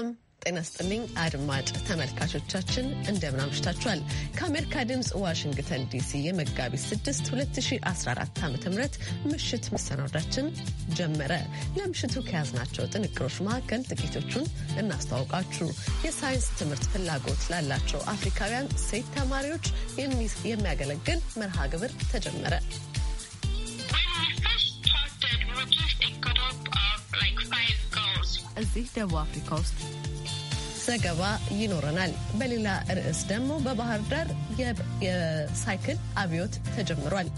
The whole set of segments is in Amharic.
ሰላም ጤና ስጥልኝ አድማጭ ተመልካቾቻችን እንደምን አምሽታችኋል። ከአሜሪካ ድምፅ ዋሽንግተን ዲሲ የመጋቢት 6 2014 ዓ ም ምሽት መሰናዳችን ጀመረ። ለምሽቱ ከያዝናቸው ጥንቅሮች መካከል ጥቂቶቹን እናስተዋውቃችሁ። የሳይንስ ትምህርት ፍላጎት ላላቸው አፍሪካውያን ሴት ተማሪዎች የሚያገለግል መርሃ ግብር ተጀመረ። እዚህ ደቡብ አፍሪካ ውስጥ ዘገባ ይኖረናል። በሌላ ርዕስ ደግሞ በባህር ዳር የሳይክል አብዮት ተጀምሯል።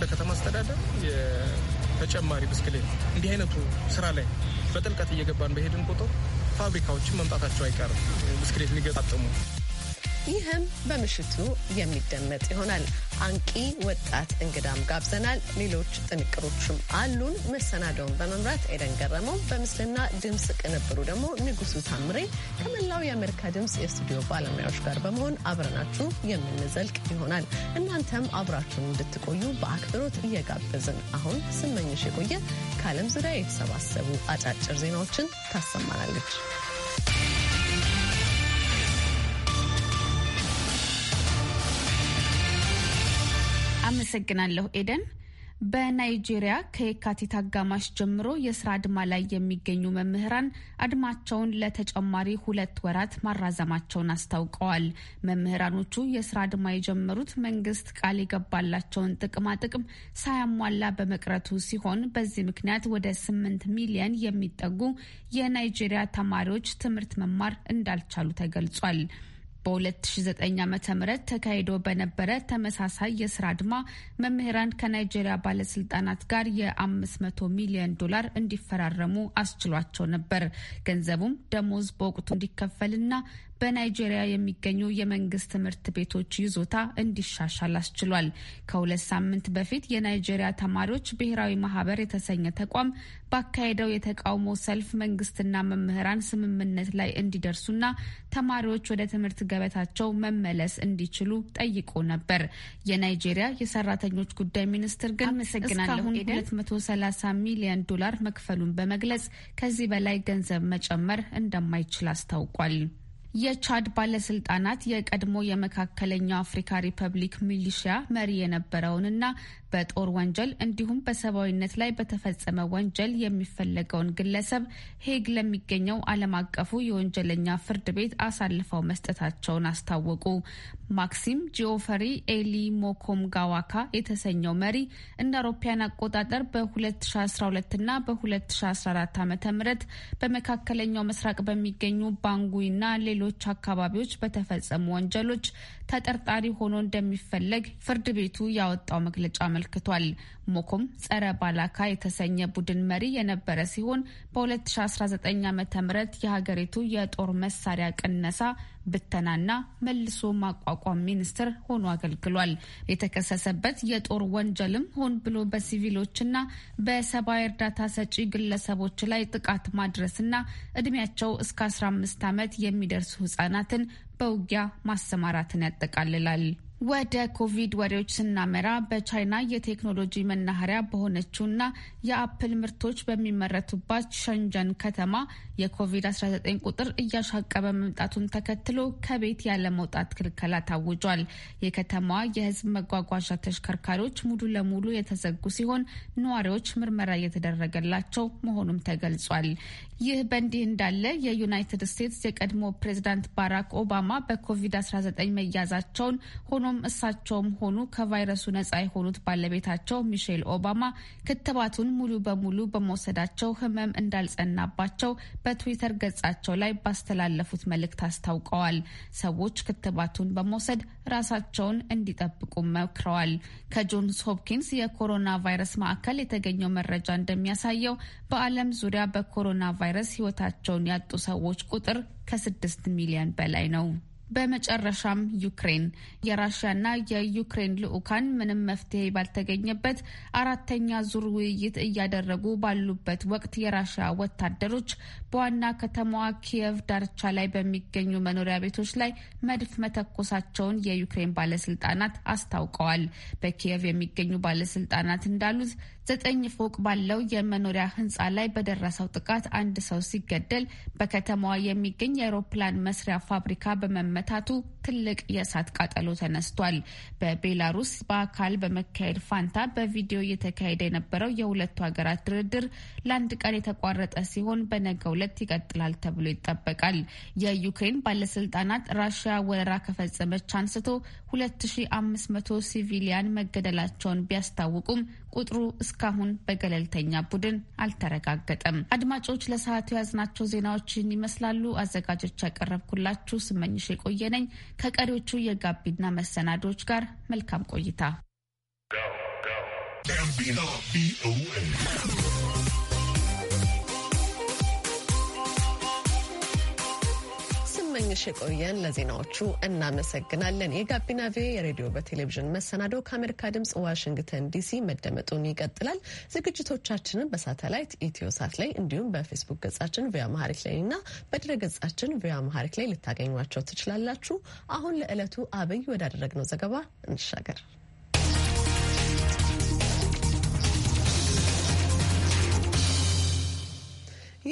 በከተማ አስተዳደር የተጨማሪ ብስክሌት እንዲህ አይነቱ ስራ ላይ በጥልቀት እየገባን በሄድን ቁጥር ፋብሪካዎችን መምጣታቸው አይቀርም ብስክሌት የሚገጣጥሙ ይህም በምሽቱ የሚደመጥ ይሆናል። አንቂ ወጣት እንግዳም ጋብዘናል። ሌሎች ጥንቅሮችም አሉን። መሰናደውን በመምራት ኤደን ገረመው፣ በምስልና ድምፅ ቅንብሩ ደግሞ ንጉሱ ታምሬ ከመላው የአሜሪካ ድምፅ የስቱዲዮ ባለሙያዎች ጋር በመሆን አብረናችሁ የምንዘልቅ ይሆናል። እናንተም አብራችሁን እንድትቆዩ በአክብሮት እየጋበዝን አሁን ስመኝሽ የቆየ ከዓለም ዙሪያ የተሰባሰቡ አጫጭር ዜናዎችን ታሰማናለች። አመሰግናለሁ ኤደን። በናይጄሪያ ከየካቲት አጋማሽ ጀምሮ የስራ አድማ ላይ የሚገኙ መምህራን አድማቸውን ለተጨማሪ ሁለት ወራት ማራዘማቸውን አስታውቀዋል። መምህራኖቹ የስራ አድማ የጀመሩት መንግስት ቃል የገባላቸውን ጥቅማጥቅም ሳያሟላ በመቅረቱ ሲሆን በዚህ ምክንያት ወደ ስምንት ሚሊየን የሚጠጉ የናይጄሪያ ተማሪዎች ትምህርት መማር እንዳልቻሉ ተገልጿል። በ2009 ዓ ም ተካሂዶ በነበረ ተመሳሳይ የስራ አድማ መምህራን ከናይጄሪያ ባለስልጣናት ጋር የ500 ሚሊዮን ዶላር እንዲፈራረሙ አስችሏቸው ነበር። ገንዘቡም ደሞዝ በወቅቱ እንዲከፈልና በናይጄሪያ የሚገኙ የመንግስት ትምህርት ቤቶች ይዞታ እንዲሻሻል አስችሏል። ከሁለት ሳምንት በፊት የናይጄሪያ ተማሪዎች ብሔራዊ ማህበር የተሰኘ ተቋም ባካሄደው የተቃውሞ ሰልፍ መንግስትና መምህራን ስምምነት ላይ እንዲደርሱና ተማሪዎች ወደ ትምህርት ገበታቸው መመለስ እንዲችሉ ጠይቆ ነበር። የናይጄሪያ የሰራተኞች ጉዳይ ሚኒስትር ግን አመሰግናለሁን 230 ሚሊዮን ዶላር መክፈሉን በመግለጽ ከዚህ በላይ ገንዘብ መጨመር እንደማይችል አስታውቋል። የቻድ ባለስልጣናት የቀድሞ የመካከለኛው አፍሪካ ሪፐብሊክ ሚሊሺያ መሪ የነበረውንና በጦር ወንጀል እንዲሁም በሰብአዊነት ላይ በተፈጸመ ወንጀል የሚፈለገውን ግለሰብ ሄግ ለሚገኘው ዓለም አቀፉ የወንጀለኛ ፍርድ ቤት አሳልፈው መስጠታቸውን አስታወቁ። ማክሲም ጂኦፈሪ ኤሊ ሞኮምጋዋካ የተሰኘው መሪ እንደ አውሮፓያን አቆጣጠር በ2012 እና በ2014 ዓ ም በመካከለኛው ምስራቅ በሚገኙ ባንጉይና ሌሎች ሌሎች አካባቢዎች በተፈጸሙ ወንጀሎች ተጠርጣሪ ሆኖ እንደሚፈለግ ፍርድ ቤቱ ያወጣው መግለጫ አመልክቷል። ሞኮም ጸረ ባላካ የተሰኘ ቡድን መሪ የነበረ ሲሆን በ2019 ዓ ም የሀገሪቱ የጦር መሳሪያ ቅነሳ ብተናና መልሶ ማቋቋም ሚኒስትር ሆኖ አገልግሏል። የተከሰሰበት የጦር ወንጀልም ሆን ብሎ በሲቪሎችና በሰብአዊ እርዳታ ሰጪ ግለሰቦች ላይ ጥቃት ማድረስና እድሜያቸው እስከ 15 ዓመት የሚደርሱ ህጻናትን በውጊያ ማሰማራትን ያጠቃልላል። ወደ ኮቪድ ወሬዎች ስናመራ በቻይና የቴክኖሎጂ መናኸሪያ በሆነችውና የአፕል ምርቶች በሚመረቱባት ሸንጀን ከተማ የኮቪድ-19 ቁጥር እያሻቀበ መምጣቱን ተከትሎ ከቤት ያለመውጣት ክልከላ ታውጇል። የከተማዋ የሕዝብ መጓጓዣ ተሽከርካሪዎች ሙሉ ለሙሉ የተዘጉ ሲሆን ነዋሪዎች ምርመራ እየተደረገላቸው መሆኑም ተገልጿል። ይህ በእንዲህ እንዳለ የዩናይትድ ስቴትስ የቀድሞ ፕሬዚዳንት ባራክ ኦባማ በኮቪድ-19 መያዛቸውን ሆኖም እሳቸውም ሆኑ ከቫይረሱ ነፃ የሆኑት ባለቤታቸው ሚሼል ኦባማ ክትባቱን ሙሉ በሙሉ በመውሰዳቸው ሕመም እንዳልጸናባቸው በትዊተር ገጻቸው ላይ ባስተላለፉት መልእክት አስታውቀዋል። ሰዎች ክትባቱን በመውሰድ ራሳቸውን እንዲጠብቁ መክረዋል። ከጆንስ ሆፕኪንስ የኮሮና ቫይረስ ማዕከል የተገኘው መረጃ እንደሚያሳየው በዓለም ዙሪያ በኮሮና ቫይረስ ህይወታቸውን ያጡ ሰዎች ቁጥር ከስድስት ሚሊዮን በላይ ነው። በመጨረሻም ዩክሬን የራሽያና የዩክሬን ልዑካን ምንም መፍትሄ ባልተገኘበት አራተኛ ዙር ውይይት እያደረጉ ባሉበት ወቅት የራሽያ ወታደሮች በዋና ከተማዋ ኪየቭ ዳርቻ ላይ በሚገኙ መኖሪያ ቤቶች ላይ መድፍ መተኮሳቸውን የዩክሬን ባለስልጣናት አስታውቀዋል። በኪየቭ የሚገኙ ባለስልጣናት እንዳሉት ዘጠኝ ፎቅ ባለው የመኖሪያ ህንፃ ላይ በደረሰው ጥቃት አንድ ሰው ሲገደል በከተማዋ የሚገኝ የአውሮፕላን መስሪያ ፋብሪካ በመመታቱ ትልቅ የእሳት ቃጠሎ ተነስቷል። በቤላሩስ በአካል በመካሄድ ፋንታ በቪዲዮ እየተካሄደ የነበረው የሁለቱ ሀገራት ድርድር ለአንድ ቀን የተቋረጠ ሲሆን በነገ ሁለት ይቀጥላል ተብሎ ይጠበቃል። የዩክሬን ባለስልጣናት ራሽያ ወረራ ከፈጸመች አንስቶ 2500 ሲቪሊያን መገደላቸውን ቢያስታውቁም ቁጥሩ እስካሁን በገለልተኛ ቡድን አልተረጋገጠም። አድማጮች ለሰዓቱ የያዝናቸው ዜናዎችን ይመስላሉ። አዘጋጆች ያቀረብኩላችሁ ስመኝሽ የቆየነኝ ከቀሪዎቹ የጋቢና መሰናዶች ጋር መልካም ቆይታ። ስመኝሽ የቆየን ለዜናዎቹ እናመሰግናለን። የጋቢና ቪ የሬዲዮ በቴሌቪዥን መሰናዶ ከአሜሪካ ድምጽ ዋሽንግተን ዲሲ መደመጡን ይቀጥላል። ዝግጅቶቻችንን በሳተላይት ኢትዮ ሳት ላይ እንዲሁም በፌስቡክ ገጻችን ቪኦኤ አማሪክ ላይ እና በድረ ገጻችን ቪኦኤ አማሪክ ላይ ልታገኟቸው ትችላላችሁ። አሁን ለዕለቱ አብይ ወዳደረግነው ዘገባ እንሻገር።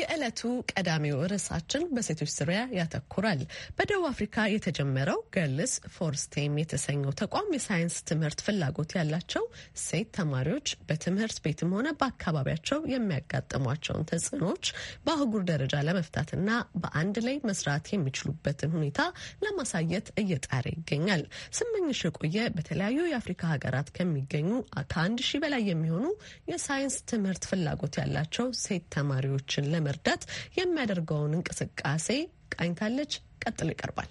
የዕለቱ ቀዳሚው ርዕሳችን በሴቶች ዙሪያ ያተኩራል። በደቡብ አፍሪካ የተጀመረው ገልስ ፎርስቴም የተሰኘው ተቋም የሳይንስ ትምህርት ፍላጎት ያላቸው ሴት ተማሪዎች በትምህርት ቤትም ሆነ በአካባቢያቸው የሚያጋጥሟቸውን ተጽዕኖዎች በአህጉር ደረጃ ለመፍታትና በአንድ ላይ መስራት የሚችሉበትን ሁኔታ ለማሳየት እየጣረ ይገኛል። ስመኝሽ የቆየ በተለያዩ የአፍሪካ ሀገራት ከሚገኙ ከአንድ ሺህ በላይ የሚሆኑ የሳይንስ ትምህርት ፍላጎት ያላቸው ሴት ተማሪዎችን ለመርዳት የሚያደርገውን እንቅስቃሴ ቃኝታለች። ቀጥሎ ይቀርባል።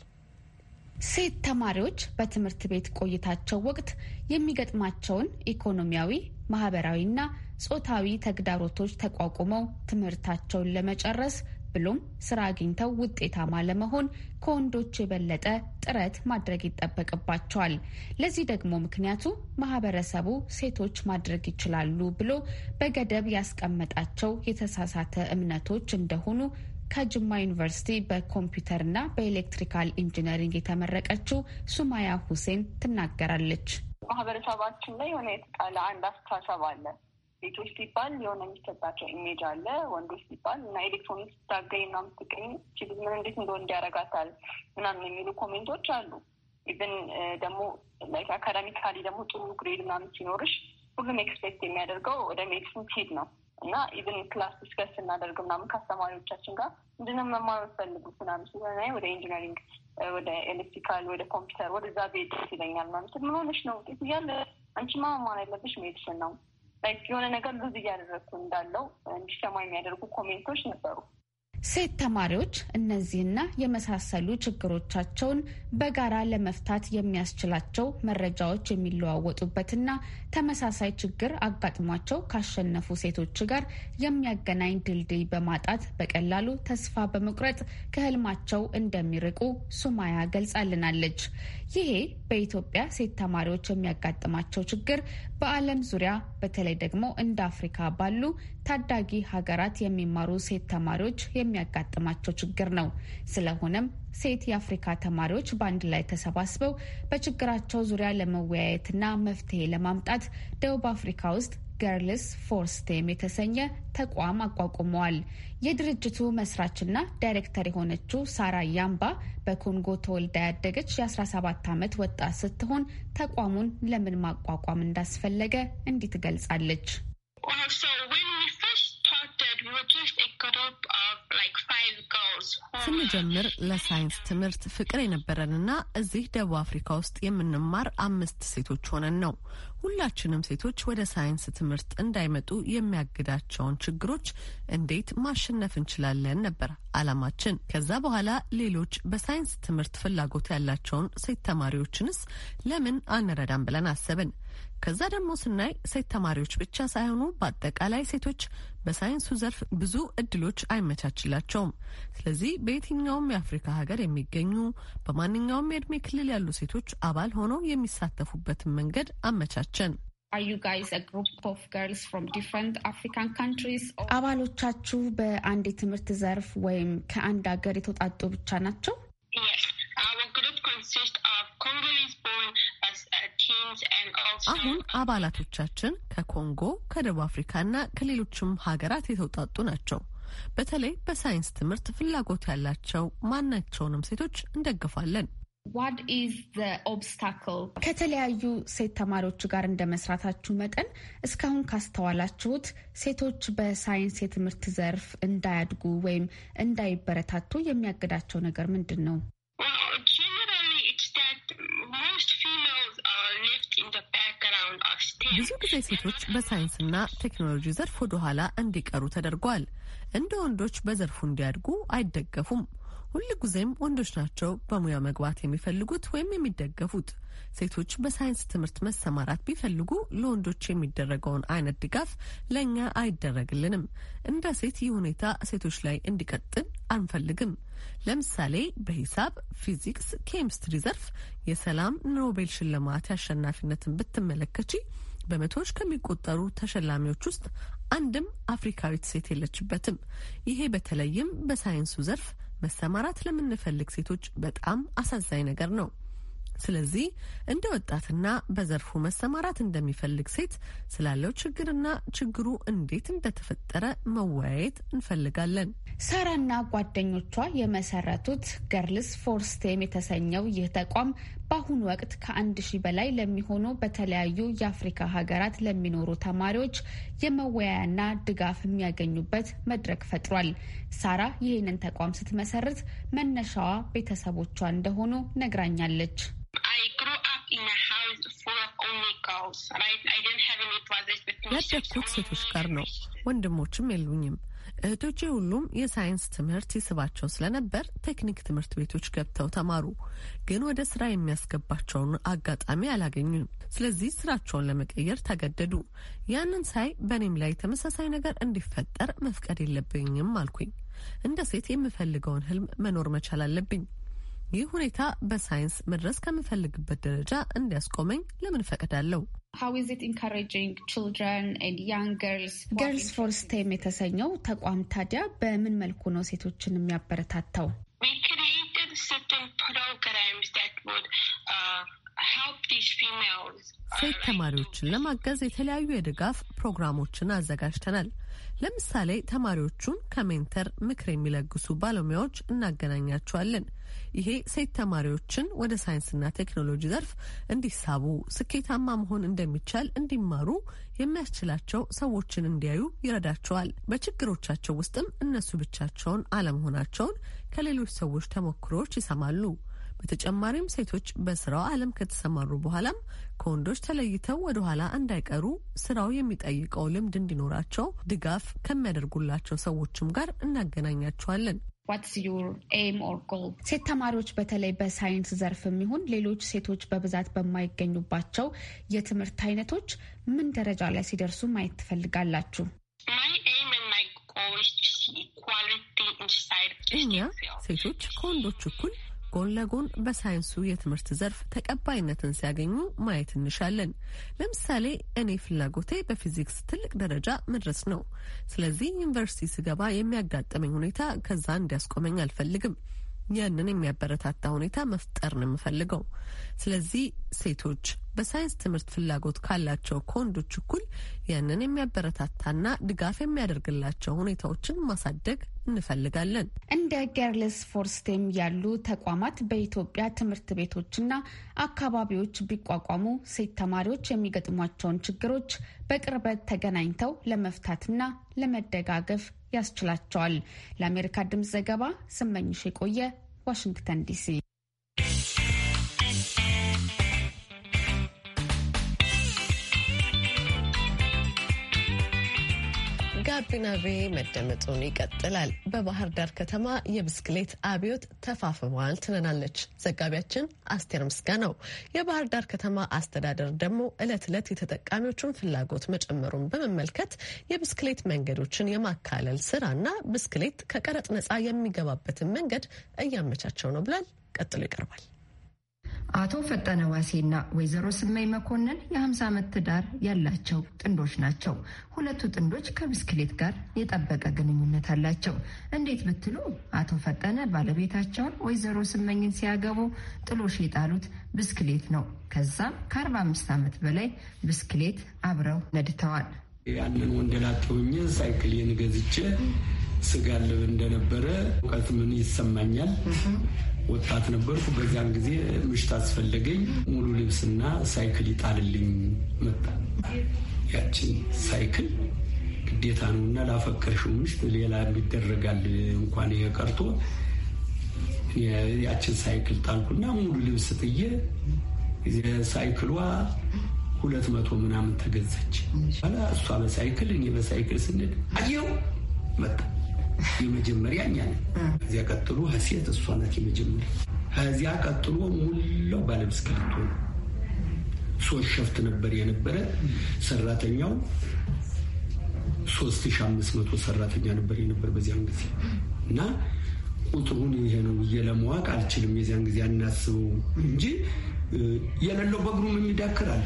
ሴት ተማሪዎች በትምህርት ቤት ቆይታቸው ወቅት የሚገጥማቸውን ኢኮኖሚያዊ፣ ማህበራዊና ጾታዊ ተግዳሮቶች ተቋቁመው ትምህርታቸውን ለመጨረስ ብሎም ስራ አግኝተው ውጤታማ ለመሆን ከወንዶች የበለጠ ጥረት ማድረግ ይጠበቅባቸዋል። ለዚህ ደግሞ ምክንያቱ ማህበረሰቡ ሴቶች ማድረግ ይችላሉ ብሎ በገደብ ያስቀመጣቸው የተሳሳተ እምነቶች እንደሆኑ ከጅማ ዩኒቨርሲቲ በኮምፒውተርና በኤሌክትሪካል ኢንጂነሪንግ የተመረቀችው ሱማያ ሁሴን ትናገራለች። ማህበረሰባችን ላይ የሆነ የተጣለ አንድ አስተሳሰብ አለ። ሴቶች ሲባል የሆነ የሚሰጣቸው ኢሜጅ አለ፣ ወንዶች ሲባል እና ኤሌክትሮኒክ ስታገኝ ና ምትገኝ ችግ ምን እንዴት እንደወንድ እንዲያረጋታል ምናምን የሚሉ ኮሜንቶች አሉ። ኢቨን ደግሞ ላይክ አካዳሚካሊ ደግሞ ጥሩ ግሬድ ምናምን ሲኖርሽ ሁሉም ኤክስፔክት የሚያደርገው ወደ ሜዲሲን ሲሄድ ነው እና ኢቨን ክላስ ዲስከስ ስናደርግ ምናምን ከአስተማሪዎቻችን ጋር እንድንም መማር ፈልጉት ምናምን ሲሆነ ወደ ኢንጂነሪንግ ወደ ኤሌክትሪካል ወደ ኮምፒውተር ወደዛ ቤድ ይለኛል ማለት ምን ሆነሽ ነው ውጤት እያለ አንቺ ማማን ያለብሽ ሜዲሲን ነው የሆነ ነገር ሉዝ እያደረግኩ እንዳለው እንዲሰማ የሚያደርጉ ኮሜንቶች ነበሩ። ሴት ተማሪዎች እነዚህና የመሳሰሉ ችግሮቻቸውን በጋራ ለመፍታት የሚያስችላቸው መረጃዎች የሚለዋወጡበትና ተመሳሳይ ችግር አጋጥሟቸው ካሸነፉ ሴቶች ጋር የሚያገናኝ ድልድይ በማጣት በቀላሉ ተስፋ በመቁረጥ ከህልማቸው እንደሚርቁ ሱማያ ገልጻልናለች። ይሄ በኢትዮጵያ ሴት ተማሪዎች የሚያጋጥማቸው ችግር በዓለም ዙሪያ በተለይ ደግሞ እንደ አፍሪካ ባሉ ታዳጊ ሀገራት የሚማሩ ሴት ተማሪዎች የሚያጋጥማቸው ችግር ነው። ስለሆነም ሴት የአፍሪካ ተማሪዎች በአንድ ላይ ተሰባስበው በችግራቸው ዙሪያ ለመወያየትና መፍትሄ ለማምጣት ደቡብ አፍሪካ ውስጥ ገርልስ ፎር ስቴም የተሰኘ ተቋም አቋቁመዋል። የድርጅቱ መስራችና ዳይሬክተር የሆነችው ሳራ ያምባ በኮንጎ ተወልዳ ያደገች የ17 ዓመት ወጣት ስትሆን ተቋሙን ለምን ማቋቋም እንዳስፈለገ እንዲህ ትገልጻለች። ስንጀምር ለሳይንስ ትምህርት ፍቅር የነበረንና እዚህ ደቡብ አፍሪካ ውስጥ የምንማር አምስት ሴቶች ሆነን ነው። ሁላችንም ሴቶች ወደ ሳይንስ ትምህርት እንዳይመጡ የሚያግዳቸውን ችግሮች እንዴት ማሸነፍ እንችላለን ነበር አላማችን። ከዛ በኋላ ሌሎች በሳይንስ ትምህርት ፍላጎት ያላቸውን ሴት ተማሪዎችንስ ለምን አንረዳም ብለን አሰብን። ከዛ ደግሞ ስናይ ሴት ተማሪዎች ብቻ ሳይሆኑ በአጠቃላይ ሴቶች በሳይንሱ ዘርፍ ብዙ እድሎች አይመቻችላቸውም። ስለዚህ በየትኛውም የአፍሪካ ሀገር የሚገኙ በማንኛውም የእድሜ ክልል ያሉ ሴቶች አባል ሆነው የሚሳተፉበትን መንገድ አመቻቸን። አባሎቻችሁ በአንድ የትምህርት ዘርፍ ወይም ከአንድ ሀገር የተውጣጡ ብቻ ናቸው? አሁን አባላቶቻችን ከኮንጎ፣ ከደቡብ እና ከሌሎችም ሀገራት የተውጣጡ ናቸው። በተለይ በሳይንስ ትምህርት ፍላጎት ያላቸው ማናቸውንም ሴቶች እንደግፋለን። ከተለያዩ ሴት ተማሪዎች ጋር እንደ መስራታችሁ መጠን እስካሁን ካስተዋላችሁት ሴቶች በሳይንስ የትምህርት ዘርፍ እንዳያድጉ ወይም እንዳይበረታቱ የሚያግዳቸው ነገር ምንድን ነው? ብዙ ጊዜ ሴቶች በሳይንስና ቴክኖሎጂ ዘርፍ ወደ ኋላ እንዲቀሩ ተደርጓል። እንደ ወንዶች በዘርፉ እንዲያድጉ አይደገፉም። ሁል ጊዜም ወንዶች ናቸው በሙያ መግባት የሚፈልጉት ወይም የሚደገፉት። ሴቶች በሳይንስ ትምህርት መሰማራት ቢፈልጉ ለወንዶች የሚደረገውን አይነት ድጋፍ ለእኛ አይደረግልንም። እንደ ሴት ይህ ሁኔታ ሴቶች ላይ እንዲቀጥል አንፈልግም። ለምሳሌ በሂሳብ፣ ፊዚክስ፣ ኬሚስትሪ ዘርፍ የሰላም ኖቤል ሽልማት አሸናፊነትን ብትመለከቺ በመቶዎች ከሚቆጠሩ ተሸላሚዎች ውስጥ አንድም አፍሪካዊት ሴት የለችበትም። ይሄ በተለይም በሳይንሱ ዘርፍ መሰማራት ለምንፈልግ ሴቶች በጣም አሳዛኝ ነገር ነው። ስለዚህ እንደ ወጣትና በዘርፉ መሰማራት እንደሚፈልግ ሴት ስላለው ችግርና ችግሩ እንዴት እንደተፈጠረ መወያየት እንፈልጋለን። ሳራና ጓደኞቿ የመሰረቱት ገርልስ ፎር ስቴም የተሰኘው ይህ ተቋም በአሁኑ ወቅት ከአንድ ሺህ በላይ ለሚሆኑ በተለያዩ የአፍሪካ ሀገራት ለሚኖሩ ተማሪዎች የመወያያና ድጋፍ የሚያገኙበት መድረክ ፈጥሯል። ሳራ ይህንን ተቋም ስትመሰርት መነሻዋ ቤተሰቦቿ እንደሆኑ ነግራኛለች። ያደግኩት ሴቶች ጋር ነው። ወንድሞችም የሉኝም። እህቶቼ ሁሉም የሳይንስ ትምህርት ይስባቸው ስለነበር ቴክኒክ ትምህርት ቤቶች ገብተው ተማሩ፣ ግን ወደ ስራ የሚያስገባቸውን አጋጣሚ አላገኙም። ስለዚህ ስራቸውን ለመቀየር ተገደዱ። ያንን ሳይ በእኔም ላይ ተመሳሳይ ነገር እንዲፈጠር መፍቀድ የለብኝም አልኩኝ። እንደ ሴት የምፈልገውን ህልም መኖር መቻል አለብኝ። ይህ ሁኔታ በሳይንስ መድረስ ከምፈልግበት ደረጃ እንዲያስቆመኝ ለምን ፈቅዳለሁ? ገርልስ ፎር ስቴም የተሰኘው ተቋም ታዲያ በምን መልኩ ነው ሴቶችን የሚያበረታታው? Uh, ሴት ተማሪዎችን ለማገዝ የተለያዩ የድጋፍ ፕሮግራሞችን አዘጋጅተናል። ለምሳሌ ተማሪዎቹን ከሜንተር ምክር የሚለግሱ ባለሙያዎች እናገናኛቸዋለን። ይሄ ሴት ተማሪዎችን ወደ ሳይንስና ቴክኖሎጂ ዘርፍ እንዲሳቡ፣ ስኬታማ መሆን እንደሚቻል እንዲማሩ የሚያስችላቸው ሰዎችን እንዲያዩ ይረዳቸዋል። በችግሮቻቸው ውስጥም እነሱ ብቻቸውን አለመሆናቸውን ከሌሎች ሰዎች ተሞክሮዎች ይሰማሉ። በተጨማሪም ሴቶች በስራው ዓለም ከተሰማሩ በኋላም ከወንዶች ተለይተው ወደ ኋላ እንዳይቀሩ ስራው የሚጠይቀው ልምድ እንዲኖራቸው ድጋፍ ከሚያደርጉላቸው ሰዎችም ጋር እናገናኛቸዋለን። ሴት ተማሪዎች በተለይ በሳይንስ ዘርፍ የሚሆን ሌሎች ሴቶች በብዛት በማይገኙባቸው የትምህርት አይነቶች ምን ደረጃ ላይ ሲደርሱ ማየት ትፈልጋላችሁ? እኛ ሴቶች ከወንዶች እኩል ጎን ለጎን በሳይንሱ የትምህርት ዘርፍ ተቀባይነትን ሲያገኙ ማየት እንሻለን። ለምሳሌ እኔ ፍላጎቴ በፊዚክስ ትልቅ ደረጃ መድረስ ነው። ስለዚህ ዩኒቨርሲቲ ስገባ የሚያጋጥመኝ ሁኔታ ከዛ እንዲያስቆመኝ አልፈልግም። ያንን የሚያበረታታ ሁኔታ መፍጠር ነው የምፈልገው። ስለዚህ ሴቶች፣ በሳይንስ ትምህርት ፍላጎት ካላቸው ከወንዶች እኩል ያንን የሚያበረታታና ድጋፍ የሚያደርግላቸው ሁኔታዎችን ማሳደግ እንፈልጋለን። እንደ ጌርልስ ፎር ስቴም ያሉ ተቋማት በኢትዮጵያ ትምህርት ቤቶችና አካባቢዎች ቢቋቋሙ ሴት ተማሪዎች የሚገጥሟቸውን ችግሮች በቅርበት ተገናኝተው ለመፍታትና ለመደጋገፍ ያስችላቸዋል። ለአሜሪካ ድምፅ ዘገባ ስመኝሽ የቆየ ዋሽንግተን ዲሲ። ጋቢና መደመጡን ይቀጥላል። በባህር ዳር ከተማ የብስክሌት አብዮት ተፋፍሟል ትለናለች ዘጋቢያችን አስቴር ምስጋናው። የባህር ዳር ከተማ አስተዳደር ደግሞ እለት እለት የተጠቃሚዎቹን ፍላጎት መጨመሩን በመመልከት የብስክሌት መንገዶችን የማካለል ስራና ብስክሌት ከቀረጥ ነጻ የሚገባበትን መንገድ እያመቻቸው ነው ብሏል። ቀጥሎ ይቀርባል። አቶ ፈጠነ ዋሴና ወይዘሮ ስመኝ መኮንን የ50 ዓመት ትዳር ያላቸው ጥንዶች ናቸው። ሁለቱ ጥንዶች ከብስክሌት ጋር የጠበቀ ግንኙነት አላቸው። እንዴት ብትሉ አቶ ፈጠነ ባለቤታቸውን ወይዘሮ ስመኝን ሲያገቡ ጥሎሽ የጣሉት ብስክሌት ነው። ከዛም ከ45 ዓመት በላይ ብስክሌት አብረው ነድተዋል። ያንን ወንደላቀውኝ ሳይክል የንገዝቼ ስጋልብ እንደነበረ እውቀት ምን ይሰማኛል ወጣት ነበርኩ። በዚያን ጊዜ ምሽት አስፈለገኝ። ሙሉ ልብስና ሳይክል ይጣልልኝ መጣ። ያችን ሳይክል ግዴታ ነው እና ላፈቀርሽው ምሽት ሌላ የሚደረጋል እንኳን የቀርቶ ያችን ሳይክል ጣልኩና ሙሉ ልብስ ጥዬ ሳይክሏ ሁለት መቶ ምናምን ተገዛች። ኋላ እሷ በሳይክል እኔ በሳይክል ስንል አየው መጣ የመጀመሪያ እኛ ነን። ከዚያ ቀጥሎ ሀሴት እሷ ናት የመጀመሪያ። ከዚያ ቀጥሎ ሙላው ባለብስ ከልቶ ሶስት ሸፍት ነበር የነበረ ሰራተኛው ሶስት ሺ አምስት መቶ ሰራተኛ ነበር የነበር በዚያን ጊዜ እና ቁጥሩን ይሄ ነው ብዬ ለማወቅ አልችልም። የዚያን ጊዜ አናስበው እንጂ የሌለው በእግሩም የሚዳክራል።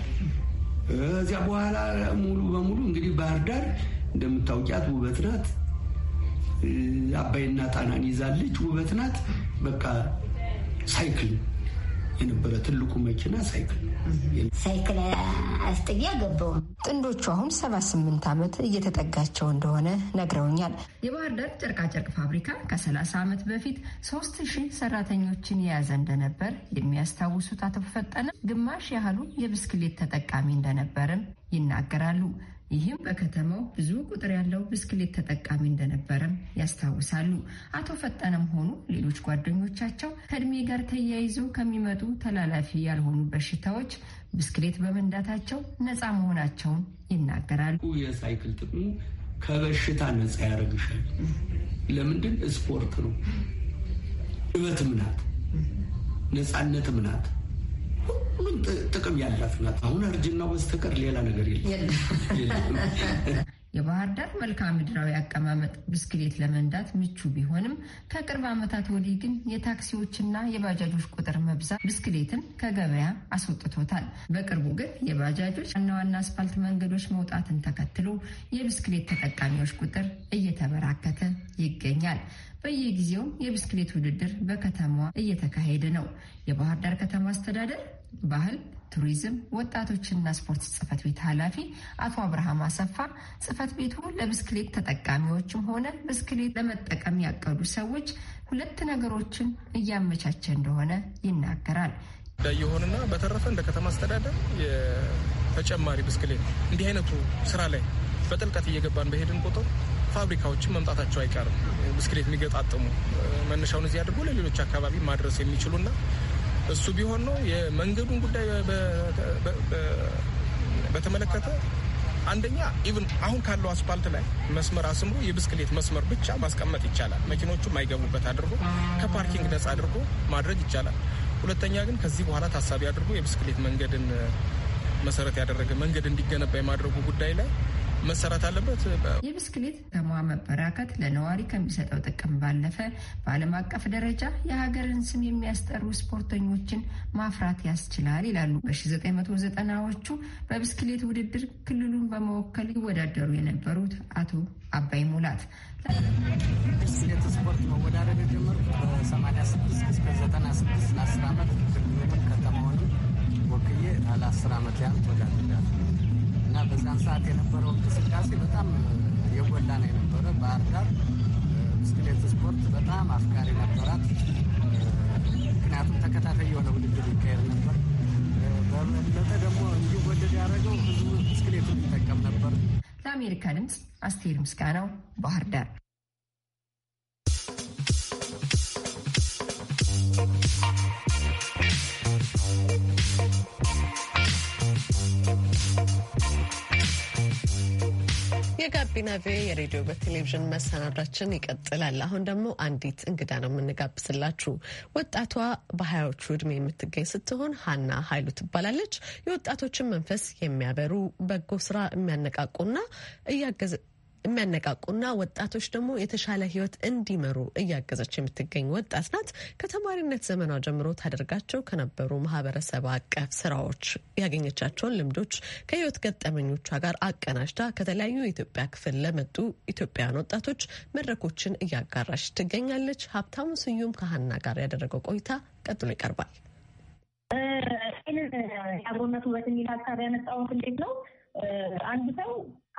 እዚያ በኋላ ሙሉ በሙሉ እንግዲህ ባህር ዳር እንደምታውቂያት ውበት ናት። አባይና ጣናን ይዛለች። ውበት ናት። በቃ ሳይክል የነበረ ትልቁ መኪና ሳይክል ሳይክል አስጥጌ አገባውም። ጥንዶቹ አሁን ሰባ ስምንት ዓመት እየተጠጋቸው እንደሆነ ነግረውኛል። የባህር ዳር ጨርቃጨርቅ ፋብሪካ ከሰላሳ ዓመት በፊት ሶስት ሺህ ሰራተኞችን የያዘ እንደነበር የሚያስታውሱት አቶ ፈጠነ ግማሽ ያህሉ የብስክሌት ተጠቃሚ እንደነበርም ይናገራሉ። ይህም በከተማው ብዙ ቁጥር ያለው ብስክሌት ተጠቃሚ እንደነበረም ያስታውሳሉ። አቶ ፈጠነም ሆኑ ሌሎች ጓደኞቻቸው ከእድሜ ጋር ተያይዘው ከሚመጡ ተላላፊ ያልሆኑ በሽታዎች ብስክሌት በመንዳታቸው ነፃ መሆናቸውን ይናገራሉ። የሳይክል ጥቅሙ ከበሽታ ነፃ ያደርግሻል። ለምንድን ስፖርት ነው፣ እበት ምናት ነፃነት ምናት ሁሉም ጥቅም ያላት ናት። አሁን እርጅናው በስተቀር ሌላ ነገር የለም። የባህር ዳር መልክዓ ምድራዊ አቀማመጥ ብስክሌት ለመንዳት ምቹ ቢሆንም ከቅርብ ዓመታት ወዲህ ግን የታክሲዎችና የባጃጆች ቁጥር መብዛት ብስክሌትን ከገበያ አስወጥቶታል። በቅርቡ ግን የባጃጆች ዋና ዋና አስፋልት መንገዶች መውጣትን ተከትሎ የብስክሌት ተጠቃሚዎች ቁጥር እየተበራከተ ይገኛል። በየጊዜውም የብስክሌት ውድድር በከተማዋ እየተካሄደ ነው። የባህር ዳር ከተማ አስተዳደር ባህል ቱሪዝም ወጣቶችና ስፖርት ጽህፈት ቤት ኃላፊ አቶ አብርሃም አሰፋ ጽህፈት ቤቱ ለብስክሌት ተጠቃሚዎችም ሆነ ብስክሌት ለመጠቀም ያቀዱ ሰዎች ሁለት ነገሮችን እያመቻቸ እንደሆነ ይናገራል። እንዳየሆንና በተረፈ እንደ ከተማ አስተዳደር የተጨማሪ ብስክሌት እንዲህ አይነቱ ስራ ላይ በጥልቀት እየገባን በሄድን ቁጥር ፋብሪካዎችን መምጣታቸው አይቀርም። ብስክሌት የሚገጣጥሙ መነሻውን እዚህ አድርጎ ለሌሎች አካባቢ ማድረስ የሚችሉና እሱ ቢሆን ነው የመንገዱን ጉዳይ በተመለከተ አንደኛ ኢቭን አሁን ካለው አስፓልት ላይ መስመር አስምሮ የብስክሌት መስመር ብቻ ማስቀመጥ ይቻላል። መኪኖቹ ማይገቡበት አድርጎ ከፓርኪንግ ነጻ አድርጎ ማድረግ ይቻላል። ሁለተኛ ግን ከዚህ በኋላ ታሳቢ አድርጎ የብስክሌት መንገድን መሰረት ያደረገ መንገድ እንዲገነባ የማድረጉ ጉዳይ ላይ መሰራት አለበት። የብስክሌት ከተማዋ መበራከት ለነዋሪ ከሚሰጠው ጥቅም ባለፈ በዓለም አቀፍ ደረጃ የሀገርን ስም የሚያስጠሩ ስፖርተኞችን ማፍራት ያስችላል ይላሉ። በ1990ዎቹ በብስክሌት ውድድር ክልሉን በመወከል ይወዳደሩ የነበሩት አቶ አባይ ሙላት ብስክሌት ስፖርት መወዳደር የጀመርኩት በ86 እስከ 96 ለ10 ዓመት ክልሉን ከተማውን ወክዬ ለ10 ዓመት ያህል ተወዳድሬያለሁ። እና በዛን ሰዓት የነበረው እንቅስቃሴ በጣም የጎላ ነው የነበረ። ባህር ዳር ብስክሌት ስፖርት በጣም አፍቃሪ ነበራት። ምክንያቱም ተከታታይ የሆነ ውድድር ይካሄድ ነበር። በበለጠ ደግሞ እንዲወደድ ያደረገው ብዙ ብስክሌቱን ይጠቀም ነበር። ለአሜሪካ ድምፅ አስቴር ምስጋናው ባህር ዳር የጋቢና ቪ የሬዲዮ በቴሌቪዥን መሰናዷችን ይቀጥላል። አሁን ደግሞ አንዲት እንግዳ ነው የምንጋብስላችሁ። ወጣቷ በሀያዎቹ እድሜ የምትገኝ ስትሆን ሀና ሀይሉ ትባላለች። የወጣቶችን መንፈስ የሚያበሩ በጎ ስራ የሚያነቃቁና የሚያነቃቁና ወጣቶች ደግሞ የተሻለ ህይወት እንዲመሩ እያገዘች የምትገኝ ወጣት ናት። ከተማሪነት ዘመኗ ጀምሮ ታደርጋቸው ከነበሩ ማህበረሰብ አቀፍ ስራዎች ያገኘቻቸውን ልምዶች ከህይወት ገጠመኞቿ ጋር አቀናጅታ ከተለያዩ የኢትዮጵያ ክፍል ለመጡ ኢትዮጵያውያን ወጣቶች መድረኮችን እያጋራች ትገኛለች። ሀብታሙ ስዩም ከሀና ጋር ያደረገው ቆይታ ቀጥሎ ይቀርባል። አብሮነት ውበት የሚል ሀሳብ ያነሳሁት እንዴት ነው አንድ ሰው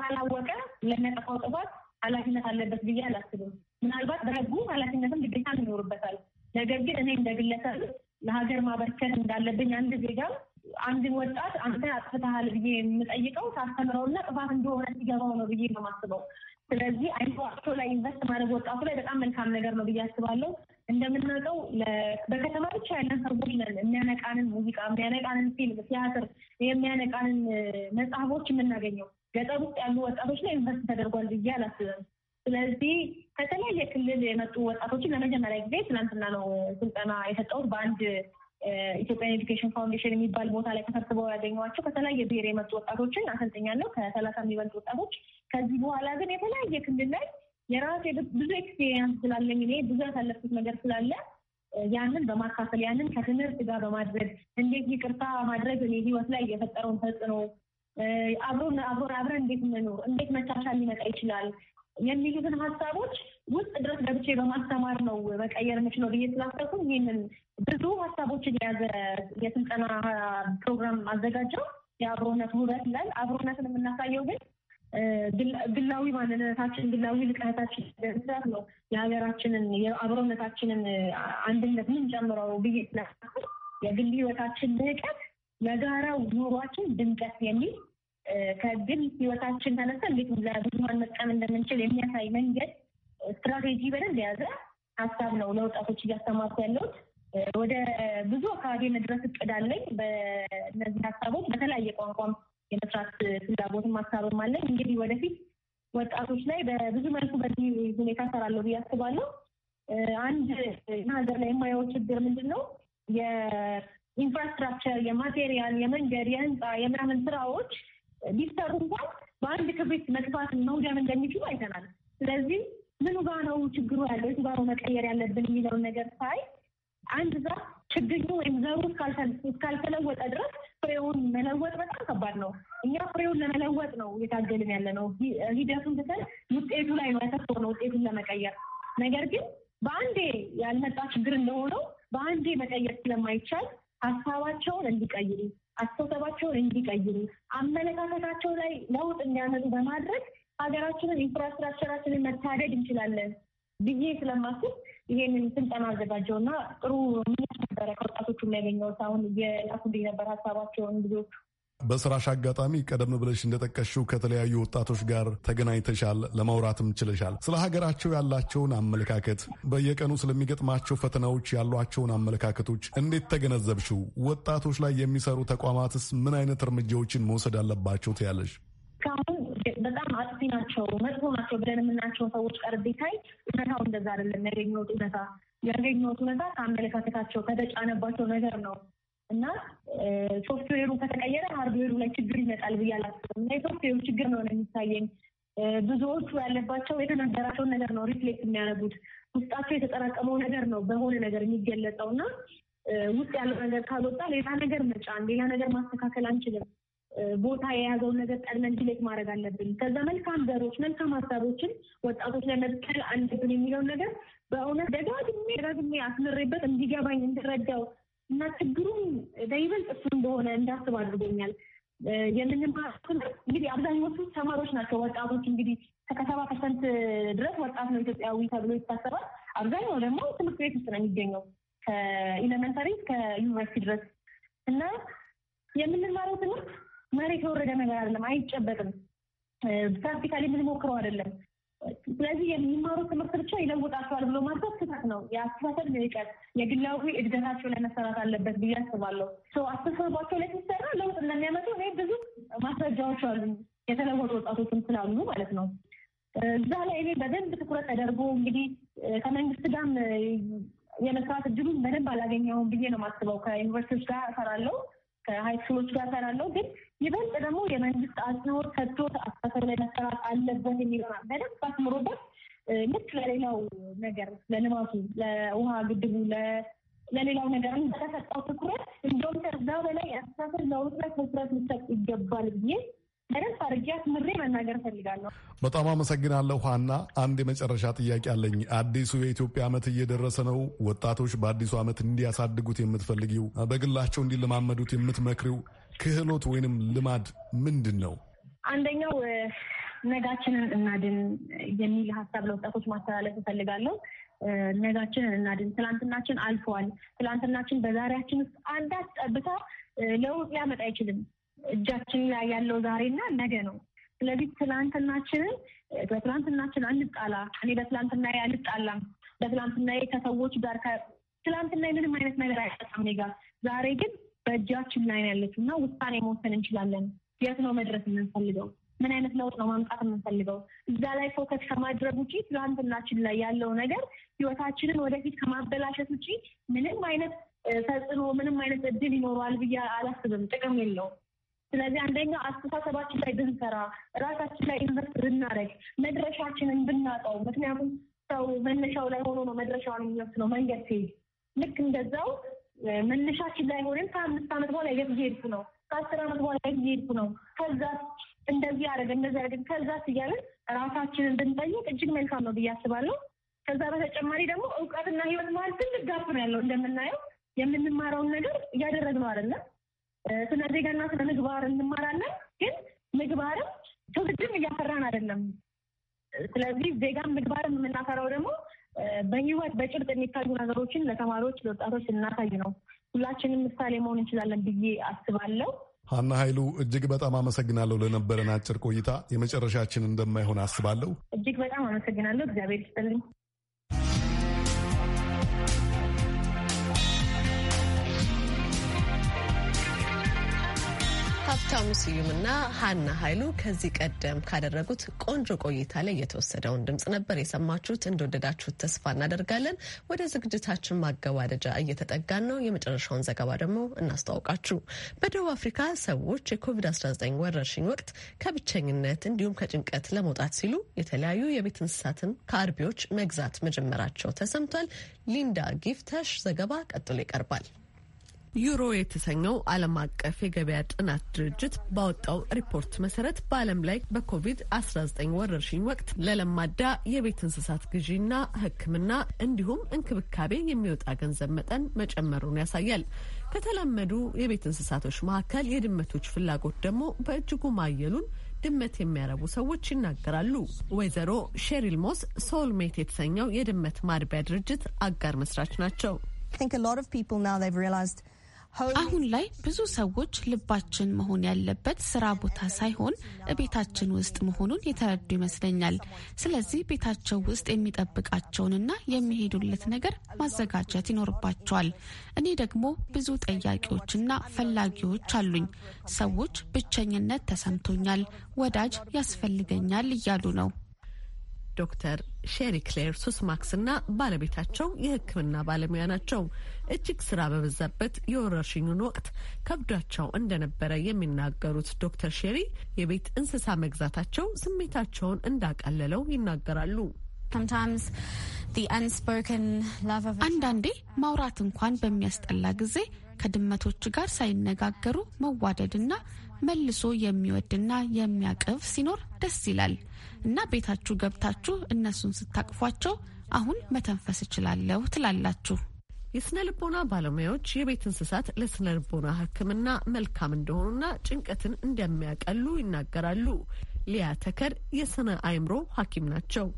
ካላወቀ ለሚያጠፋው ጥፋት ኃላፊነት አለበት ብዬ አላስብም። ምናልባት በህጉ ኃላፊነትም ግዴታ ይኖርበታል። ነገር ግን እኔ እንደ ግለሰብ ለሀገር ማበርከት እንዳለብኝ አንድ ዜጋ አንድን ወጣት አንተ አጥፍተሃል ብዬ የምጠይቀው ሳስተምረውና ጥፋት እንደሆነ ሲገባው ነው ብዬ ነው የማስበው። ስለዚህ አይምሯቸው ላይ ኢንቨስት ማድረግ ወጣቱ ላይ በጣም መልካም ነገር ነው ብዬ አስባለሁ። እንደምናውቀው በከተማ ብቻ ያለን ሰዎች ነን የሚያነቃንን ሙዚቃ፣ የሚያነቃንን ፊልም፣ ቲያትር፣ የሚያነቃንን መጽሐፎች የምናገኘው ገጠር ውስጥ ያሉ ወጣቶች ላይ ኢንቨስት ተደርጓል ብዬ አላስብም። ስለዚህ ከተለያየ ክልል የመጡ ወጣቶችን ለመጀመሪያ ጊዜ ትናንትና ነው ስልጠና የሰጠሁት በአንድ ኢትዮጵያን ኤዱኬሽን ፋውንዴሽን የሚባል ቦታ ላይ ተሰብስበው ያገኘኋቸው ከተለያየ ብሔር የመጡ ወጣቶችን አሰልጥኛለሁ፣ ከሰላሳ የሚበልጡ ወጣቶች። ከዚህ በኋላ ግን የተለያየ ክልል ላይ የራሴ ብዙ ኤክስፔሪንስ ስላለኝ እኔ ብዙ ያሳለፍኩት ነገር ስላለ ያንን በማካፈል ያንን ከትምህርት ጋር በማድረግ እንዴት ይቅርታ ማድረግ እኔ ህይወት ላይ የፈጠረውን ተጽዕኖ አብሮን አብሮን አብረን እንዴት መኖር እንዴት መቻቻል ሊመጣ ይችላል የሚሉትን ሀሳቦች ውስጥ ድረስ ገብቼ በማስተማር ነው መቀየር የምችለው ብዬ ስላሰብኩኝ ይህንን ብዙ ሀሳቦችን የያዘ የስልጠና ፕሮግራም አዘጋጀው። የአብሮነት ውበት ይላል። አብሮነትን የምናሳየው ግን ግላዊ ማንነታችን፣ ግላዊ ልቀታችን ገንዘብ ነው የሀገራችንን የአብሮነታችንን አንድነት ምን ጨምረው ብዬ ስላሰብኩ የግል ህይወታችን ልቀት የጋራው ኑሯችን ድምቀት የሚል ከግል ህይወታችን ተነስተን እንዴት ለብዙሀን መጥቀም እንደምንችል የሚያሳይ መንገድ ስትራቴጂ በደንብ የያዘ ሀሳብ ነው ለወጣቶች እያስተማርኩ ያለሁት። ወደ ብዙ አካባቢ የመድረስ እቅድ አለኝ። በእነዚህ ሀሳቦች በተለያየ ቋንቋም የመስራት ፍላጎትም ሀሳብም አለኝ። እንግዲህ ወደፊት ወጣቶች ላይ በብዙ መልኩ በዚህ ሁኔታ ሰራለሁ ብዬ አስባለሁ። አንድ ሀገር ላይ የማየው ችግር ምንድን ነው? የኢንፍራስትራክቸር፣ የማቴሪያል፣ የመንገድ፣ የህንፃ፣ የምናምን ስራዎች ቢሰሩ እንኳን በአንድ ክብሪት መጥፋት መውደም እንደሚችሉ አይተናል። ስለዚህ ምኑ ጋ ነው ችግሩ ያለው የቱ ጋ ነው መቀየር ያለብን የሚለውን ነገር ሳይ አንድ ዛ ችግኙ ወይም ዘሩ እስካልተለወጠ ድረስ ፍሬውን መለወጥ በጣም ከባድ ነው። እኛ ፍሬውን ለመለወጥ ነው እየታገልን ያለ ነው። ሂደቱን ትተን ውጤቱ ላይ ነው ነው ውጤቱን ለመቀየር ነገር ግን በአንዴ ያልመጣ ችግር እንደሆነው በአንዴ መቀየር ስለማይቻል ሀሳባቸውን እንዲቀይሩ አስተሳሰባቸውን እንዲቀይሩ አመለካከታቸው ላይ ለውጥ እንዲያመጡ በማድረግ ሀገራችንን ኢንፍራስትራክቸራችንን መታደግ እንችላለን ብዬ ስለማስብ ይሄንን ስልጠና አዘጋጀውና ጥሩ ነበረ ከወጣቶቹ የሚያገኘው አሁን የላኩልኝ ነበር ሀሳባቸውን ብዙዎቹ በስራሽ አጋጣሚ ቀደም ብለሽ እንደጠቀሽው ከተለያዩ ወጣቶች ጋር ተገናኝተሻል፣ ለማውራትም ችለሻል። ስለ ሀገራቸው ያላቸውን አመለካከት፣ በየቀኑ ስለሚገጥማቸው ፈተናዎች ያሏቸውን አመለካከቶች እንዴት ተገነዘብሽው? ወጣቶች ላይ የሚሰሩ ተቋማትስ ምን አይነት እርምጃዎችን መውሰድ አለባቸው ትያለሽ? በጣም አጥፊ ናቸው፣ መጥፎ ናቸው ብለን የምናቸው ሰዎች ቀር ሳይ እውነታው እንደዛ አይደለም። ያገኘሁት እውነታ ያገኘሁት እውነታ ከአመለካከታቸው ከተጫነባቸው ነገር ነው እና ሶፍትዌሩ ከተቀየረ ሃርድዌሩ ላይ ችግር ይመጣል ብዬ አላስብም። እና የሶፍትዌሩ ችግር ነው የሚታየኝ። ብዙዎቹ ያለባቸው የተነገራቸውን ነገር ነው ሪፍሌክት የሚያደርጉት። ውስጣቸው የተጠራቀመው ነገር ነው በሆነ ነገር የሚገለጸው እና ውስጥ ያለው ነገር ካልወጣ ሌላ ነገር መጫን፣ ሌላ ነገር ማስተካከል አንችልም። ቦታ የያዘውን ነገር ቀድመን ዲሌት ማድረግ አለብን። ከዛ መልካም ዘሮች፣ መልካም ሀሳቦችን ወጣቶች ላይ አለብን የሚለውን ነገር በእውነት ደጋግሜ ደጋግሜ አስምሬበት እንዲገባኝ እንድረዳው እና ችግሩም በይበልጥ እሱ እንደሆነ እንዳስብ አድርጎኛል። የምንማሩን እንግዲህ አብዛኞቹ ተማሪዎች ናቸው ወጣቶች። እንግዲህ ከሰባ ፐርሰንት ድረስ ወጣት ነው ኢትዮጵያዊ ተብሎ ይታሰባል። አብዛኛው ደግሞ ትምህርት ቤት ውስጥ ነው የሚገኘው ከኢለመንታሪ ከዩኒቨርሲቲ ድረስ እና የምንማረው ትምህርት መሬት የወረደ ነገር አይደለም፣ አይጨበጥም። ፕራክቲካሊ የምንሞክረው አይደለም። ስለዚህ የሚማሩ ትምህርት ብቻ ይለውጣቸዋል ብሎ ማንሳት ስህተት ነው። የአስተሳሰብ ልቀት የግላዊ እድገታቸው ላይ መሰራት አለበት ብዬ አስባለሁ። አስተሳሰባቸው ላይ ሲሰራ ለውጥ እንደሚያመጡ እኔ ብዙ ማስረጃዎች አሉ፣ የተለወጡ ወጣቶችም ስላሉ ማለት ነው። እዛ ላይ እኔ በደንብ ትኩረት ተደርጎ እንግዲህ ከመንግስት ጋርም የመስራት እድሉን በደንብ አላገኘውም ብዬ ነው የማስበው። ከዩኒቨርሲቲዎች ጋር እሰራለሁ ከሀይስኩሎች ጋር ሰራለሁ። ግን ይበልጥ ደግሞ የመንግስት አጽንኦት ሰጥቶት አስተሳሰብ ላይ መሰራት አለበት የሚለው በደንብ አስምሮበት ልክ ለሌላው ነገር ለልማቱ፣ ለውሃ ግድቡ፣ ለሌላው ነገር በተሰጠው ትኩረት እንደውም ከዛ በላይ አስተሳሰብ ለውጥረት ላይ ሊሰጥ ይገባል ብዬ በደንብ አድርጌ አስምሬ መናገር ፈልጋለሁ። በጣም አመሰግናለሁ ሀና። አንድ የመጨረሻ ጥያቄ አለኝ። አዲሱ የኢትዮጵያ ዓመት እየደረሰ ነው። ወጣቶች በአዲሱ ዓመት እንዲያሳድጉት የምትፈልጊው በግላቸው እንዲለማመዱት የምትመክሪው ክህሎት ወይንም ልማድ ምንድን ነው? አንደኛው ነጋችንን እናድን የሚል ሀሳብ ለወጣቶች ማስተላለፍ እፈልጋለሁ። ነጋችንን እናድን። ትላንትናችን አልፈዋል። ትላንትናችን በዛሬያችን ውስጥ አንዳች ጠብታ ለውጥ ሊያመጣ አይችልም። እጃችን ላይ ያለው ዛሬና ነገ ነው። ስለዚህ ትላንትናችንን በትላንትናችን አንጣላ። እኔ በትላንትና አልጣላም። በትላንትና ከሰዎች ጋር ትላንትና ምንም አይነት ነገር አይጠጣም እኔ ጋር። ዛሬ ግን በእጃችን ላይ ያለችው እና ውሳኔ መወሰን እንችላለን። የት ነው መድረስ የምንፈልገው? ምን አይነት ለውጥ ነው ማምጣት የምንፈልገው? እዛ ላይ ፎከስ ከማድረግ ውጭ ትላንትናችን ላይ ያለው ነገር ህይወታችንን ወደፊት ከማበላሸት ውጭ ምንም አይነት ተጽዕኖ፣ ምንም አይነት እድል ይኖረዋል ብዬ አላስብም። ጥቅም የለውም። ስለዚህ አንደኛ አስተሳሰባችን ላይ ብንሰራ፣ ራሳችን ላይ ኢንቨስት ብናደረግ፣ መድረሻችንን ብናውቀው። ምክንያቱም ሰው መነሻው ላይ ሆኖ ነው መድረሻውን የሚወስነው መንገድ ሲሄድ። ልክ እንደዛው መነሻችን ላይ ሆነን ከአምስት ዓመት በኋላ የት እየሄድኩ ነው፣ ከአስር ዓመት በኋላ የት እየሄድኩ ነው፣ ከዛ እንደዚህ አደረገ እንደዚህ አደረገ ከዛ እያለን ራሳችንን ብንጠይቅ እጅግ መልካም ነው ብዬ አስባለሁ። ከዛ በተጨማሪ ደግሞ እውቀትና ህይወት መሀል ትልቅ ጋፍ ነው ያለው። እንደምናየው የምንማረውን ነገር እያደረግነው አይደለም ስነ ዜጋና ስነ ምግባር እንማራለን፣ ግን ምግባርም ትውልድም እያፈራን አይደለም። ስለዚህ ዜጋም ምግባርም የምናፈራው ደግሞ በህይወት በጭብጥ የሚታዩ ነገሮችን ለተማሪዎች ለወጣቶች ልናሳይ ነው። ሁላችንም ምሳሌ መሆን እንችላለን ብዬ አስባለሁ። ሀና ኃይሉ እጅግ በጣም አመሰግናለሁ ለነበረን አጭር ቆይታ። የመጨረሻችን እንደማይሆን አስባለሁ። እጅግ በጣም አመሰግናለሁ። እግዚአብሔር ይስጥልኝ። ሀብታሙ ስዩምና ሀና ኃይሉ ከዚህ ቀደም ካደረጉት ቆንጆ ቆይታ ላይ የተወሰደውን ድምጽ ነበር የሰማችሁት። እንደወደዳችሁት ተስፋ እናደርጋለን። ወደ ዝግጅታችን ማገባደጃ እየተጠጋን ነው። የመጨረሻውን ዘገባ ደግሞ እናስተዋውቃችሁ። በደቡብ አፍሪካ ሰዎች የኮቪድ-19 ወረርሽኝ ወቅት ከብቸኝነት እንዲሁም ከጭንቀት ለመውጣት ሲሉ የተለያዩ የቤት እንስሳትን ከአርቢዎች መግዛት መጀመራቸው ተሰምቷል። ሊንዳ ጊፍተሽ ዘገባ ቀጥሎ ይቀርባል። ዩሮ የተሰኘው ዓለም አቀፍ የገበያ ጥናት ድርጅት ባወጣው ሪፖርት መሰረት በዓለም ላይ በኮቪድ-19 ወረርሽኝ ወቅት ለለማዳ የቤት እንስሳት ግዢና ሕክምና እንዲሁም እንክብካቤ የሚወጣ ገንዘብ መጠን መጨመሩን ያሳያል። ከተለመዱ የቤት እንስሳቶች መካከል የድመቶች ፍላጎት ደግሞ በእጅጉ ማየሉን ድመት የሚያረቡ ሰዎች ይናገራሉ። ወይዘሮ ሼሪል ሞስ ሶልሜት የተሰኘው የድመት ማርቢያ ድርጅት አጋር መስራች ናቸው። አሁን ላይ ብዙ ሰዎች ልባችን መሆን ያለበት ስራ ቦታ ሳይሆን ቤታችን ውስጥ መሆኑን የተረዱ ይመስለኛል። ስለዚህ ቤታቸው ውስጥ የሚጠብቃቸውንና የሚሄዱለት ነገር ማዘጋጀት ይኖርባቸዋል። እኔ ደግሞ ብዙ ጠያቂዎችና ፈላጊዎች አሉኝ። ሰዎች ብቸኝነት ተሰምቶኛል፣ ወዳጅ ያስፈልገኛል እያሉ ነው። ዶክተር ሼሪ ክሌር ሱስማክስ እና ባለቤታቸው የሕክምና ባለሙያ ናቸው። እጅግ ስራ በበዛበት የወረርሽኙን ወቅት ከብዷቸው እንደነበረ የሚናገሩት ዶክተር ሼሪ የቤት እንስሳ መግዛታቸው ስሜታቸውን እንዳቀለለው ይናገራሉ። አንዳንዴ ማውራት እንኳን በሚያስጠላ ጊዜ ከድመቶች ጋር ሳይነጋገሩ መዋደድና መልሶ የሚወድና የሚያቅፍ ሲኖር ደስ ይላል እና ቤታችሁ ገብታችሁ እነሱን ስታቅፏቸው አሁን መተንፈስ እችላለሁ ትላላችሁ። የስነ ልቦና ባለሙያዎች የቤት እንስሳት ለስነ ልቦና ሕክምና መልካም እንደሆኑና ጭንቀትን እንደሚያቀሉ ይናገራሉ። ሊያ ተከር የስነ አእምሮ ሐኪም ናቸው።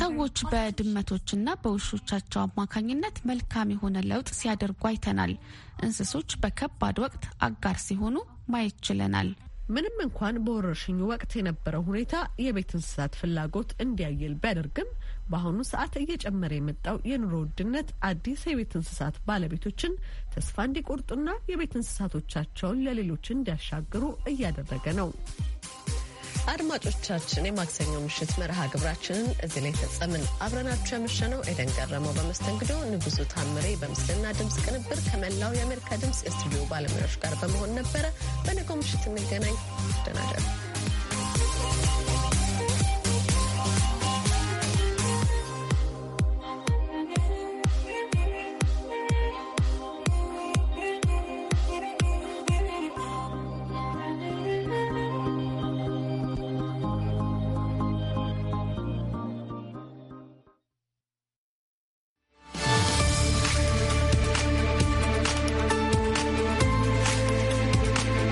ሰዎች በድመቶችና በውሾቻቸው አማካኝነት መልካም የሆነ ለውጥ ሲያደርጉ አይተናል። እንስሶች በከባድ ወቅት አጋር ሲሆኑ ማየት ችለናል። ምንም እንኳን በወረርሽኙ ወቅት የነበረው ሁኔታ የቤት እንስሳት ፍላጎት እንዲያየል ቢያደርግም በአሁኑ ሰዓት እየጨመረ የመጣው የኑሮ ውድነት አዲስ የቤት እንስሳት ባለቤቶችን ተስፋ እንዲቆርጡና የቤት እንስሳቶቻቸውን ለሌሎች እንዲያሻግሩ እያደረገ ነው። አድማጮቻችን የማክሰኞ ምሽት መርሃ ግብራችንን እዚህ ላይ ፈጸምን። አብረናችሁ ያመሸነው ኤደን ገረመው በመስተንግዶ፣ ንጉሱ ታምሬ በምስልና ድምፅ ቅንብር ከመላው የአሜሪካ ድምፅ የስቱዲዮ ባለሙያዎች ጋር በመሆን ነበረ። በነገው ምሽት እንገናኝ። ደህና እደሩ።